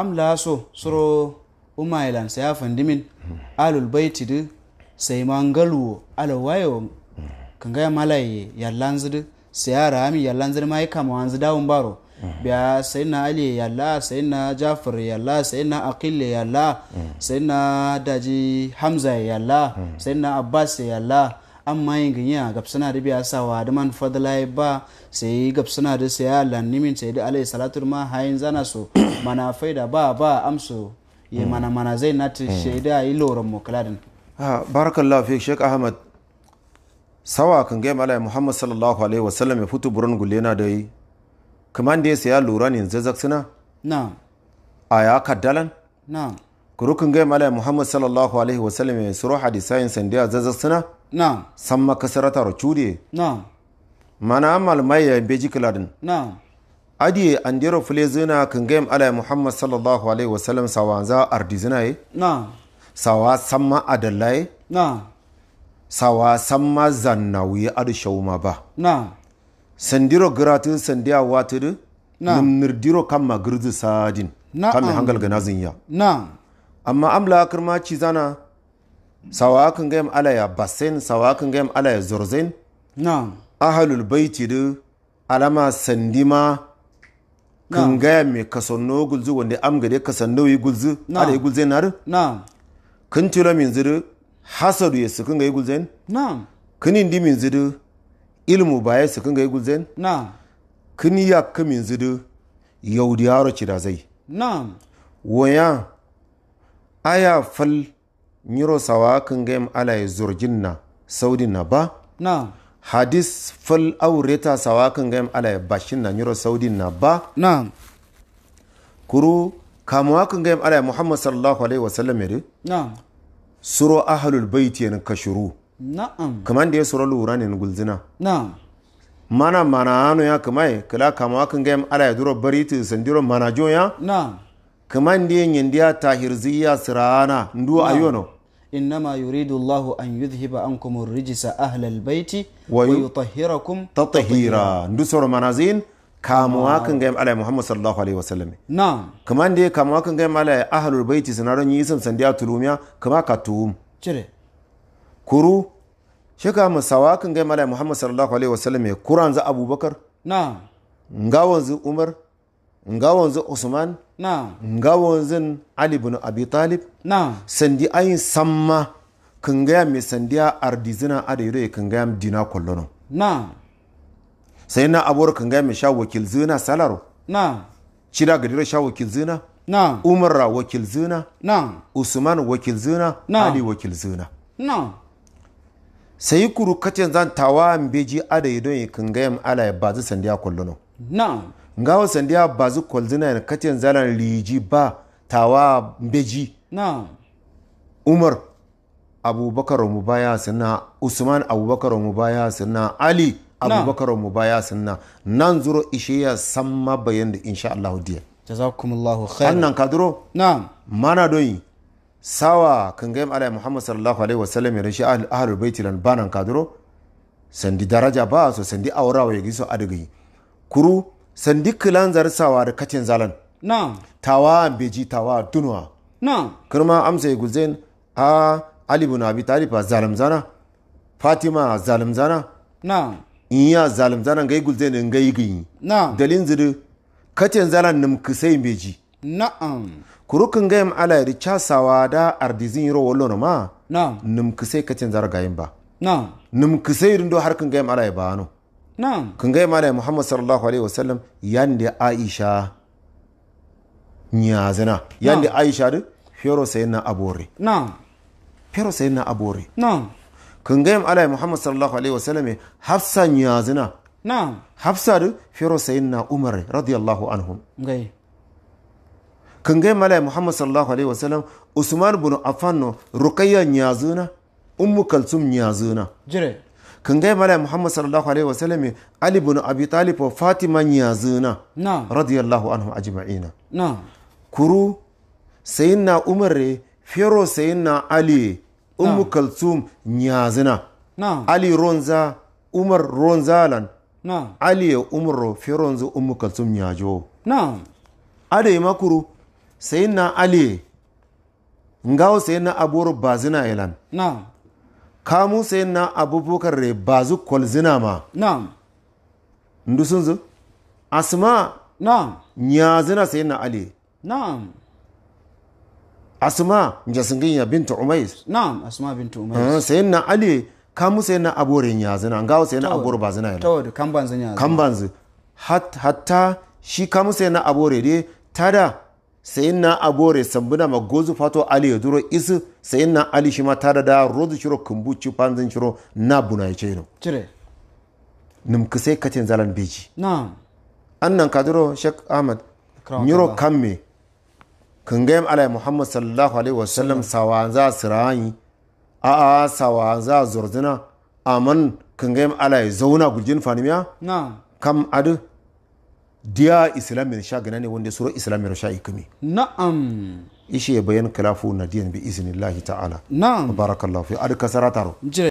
am laso soro sai afan fandimin alul baiti du sai mangalwo ala kanga ya malaye yallan du sai rami yallan zidu mai kama wanzu dawun baro biya sai na ali yalla sai na jafar yalla sai na aqil yalla sai na daji hamza yalla sai na abbas yalla amma yin ginya gab suna da biya sawa da man fadla ba sai gab suna da sai Allah nimin sai da alai salatu ma hayin zana so mana faida ba ba amso ya mana mana zai nati hmm. da yi loran mukladin ha barakallahu fi shek ahmad sawa kan ga malai muhammad sallallahu alaihi wasallam ya fito burun gullena da yi kaman da sai ya lura ne zazzak suna na aya kaddalan na kan ga malai muhammad sallallahu alaihi wasallam ya suru hadisayin sandiya zazzak suna samma نعم سما mana رچودي نعم مانا مال ماي بيجي كلادن نعم fule zina kan kingem ala muhammad sallallahu alaihi wasallam sawanza ardizina ye na sawa samma adalla ye na sawa samma zannawi adu shawma ba na sandiro giratu sandiya watiru nirdiro kamma girzi sadin kamma hangal ganazin ya na amma amla kirma cizana sawakin gayam ala ya basin sawakin gayam ala ya zurzin na ahalul baiti du alama sandima kan gaya mai kasanno gulzu wanda am gade kasanno yi gulzu ala yi gulzen har na kun tilo min zidu hasadu yasu sukun ga yi gulzen na'am kun indi min zidu ilmu baya sukun ga yi gulzen na'am kun yakka min ci da zai na waya aya fal niro sawa kan gem ala saudi na ba na hadis fal aureta sawa kan gem ala niro nyiro na ba na kuru kamuwa kan gem ala muhammad sallallahu alaihi wasallam yare na suro ahlul baiti yan kashuru na'am kaman da ya suro lura ne gulzina na mana mana ano ya kamai kala kamuwa kan gem ala ya duro bari tu sandiro mana jo ya na kaman da yin diya tahirziya sirana ndu ayono إنما يريد الله أن يذهب عنكم الرجس أهل البيت ويطهركم تطهيرا ندسر منازين kamuwa kan gayam ala Muhammad sallallahu alaihi wasallam na'am kaman da kamuwa kan gayam ala ahlul baiti sanaron yi san sandiya tulumiya kama ka tuum cire kuru shika musawa kan gayam ala Muhammad sallallahu alaihi wasallam kuran za Abubakar na'am Umar nga wanzu usman nga wanzu ali bin abi talib sandi ayin samma kan gaya mai sandiya ardizina adairo ga yam dina kollono sai na abuwar kan ga mai sha wakil zina salaro cida gadira sha wakil zina ra wakil zina usman wakil zina ali wakil zina sai kuru kacin zan tawa beji adairo ga yam ala ya bazu sandiya kollono ngawo sandiya bazu kwalzina yana katiyan zanen liji ba tawa beji na umar abubakar mu baya sanna usman abubakar mu baya sanna ali abubakar mu baya sanna nan zuro ya samma bayan da insha Allah diya jazakumullahu khair annan kaduro na mana doyi sawa kan gaim alai muhammad sallallahu alaihi wasallam ya rashi ahlul baiti lan banan kaduro sandi daraja ba so sandi aurawa ya giso adigi kuru sandi kilan zarsawa da katin zalan na tawa beji tawa dunwa na kirma amsa guzen a alibu na bi talifa zalim zana fatima zalim zana na iya zalim zana ngai guzen ngai gi na dalin zidu katin zalan nim kisai beji kurukun ga yam ala yari casawa da ardizin yiro wallo na ma na nim kisai katin zara yin ba na nim kisai rindo harkin yam ala ya ba no kun gaya mana muhammad sallallahu alaihi wasallam yanda aisha zina yanda aisha duk fero sayin na abore fero sayin na abore kun gaya mana muhammad sallallahu alaihi wasallam hafsa Na. hafsa duk fero sayin na umar radiyallahu anhu. kan gai malai muhammad sallallahu alaihi wasallam usman bin affan no ruqayya nyazuna ummu kalsum nyazuna jire kan gai mala muhammad sallallahu alaihi wasallam ali ibn abi talib wa fatima yazina na radiyallahu anhu ajma'ina na kuru sayyidina umar re fero sayyidina ali ummu kalsum yazina na ali ronza umar ronzalan na ali umar fero ronza ummu kalsum yajo na ade makuru sayyidina ali ngawo sayyidina abu bazina ilan na kamu sai na abubakar re zu kwal zina ma na'am ndu sun zu asma na'am nya zina sai na ali na'am asma nja sun ya bintu umais na'am asma bintu umais Sai na ali kamu sai na abore nya zina ngawo sai na abore ba zina yana tawad kambanzu nya kambanzu hatta shi kamu sai na abore dai tada na abore sambuna ma gozu fato ali yoduro isu na ali ma tada da rozu shiro ci panzin shiro na buna ya cheno cire num kusai katin zalan beji na annan kaduro shek ahmad nyiro kamme gayam alai muhammad sallallahu alaihi wasallam sawanza sirayi a a sawanza zurdina aman gayam alai zauna guljin fanimiya na kam adu diya islam sha shagana ne wanda suro islamin sha kimi na'am ishe bayan kalafu na diyan bi iznillahi ta'ala na'am barakallahu fi adka sarataro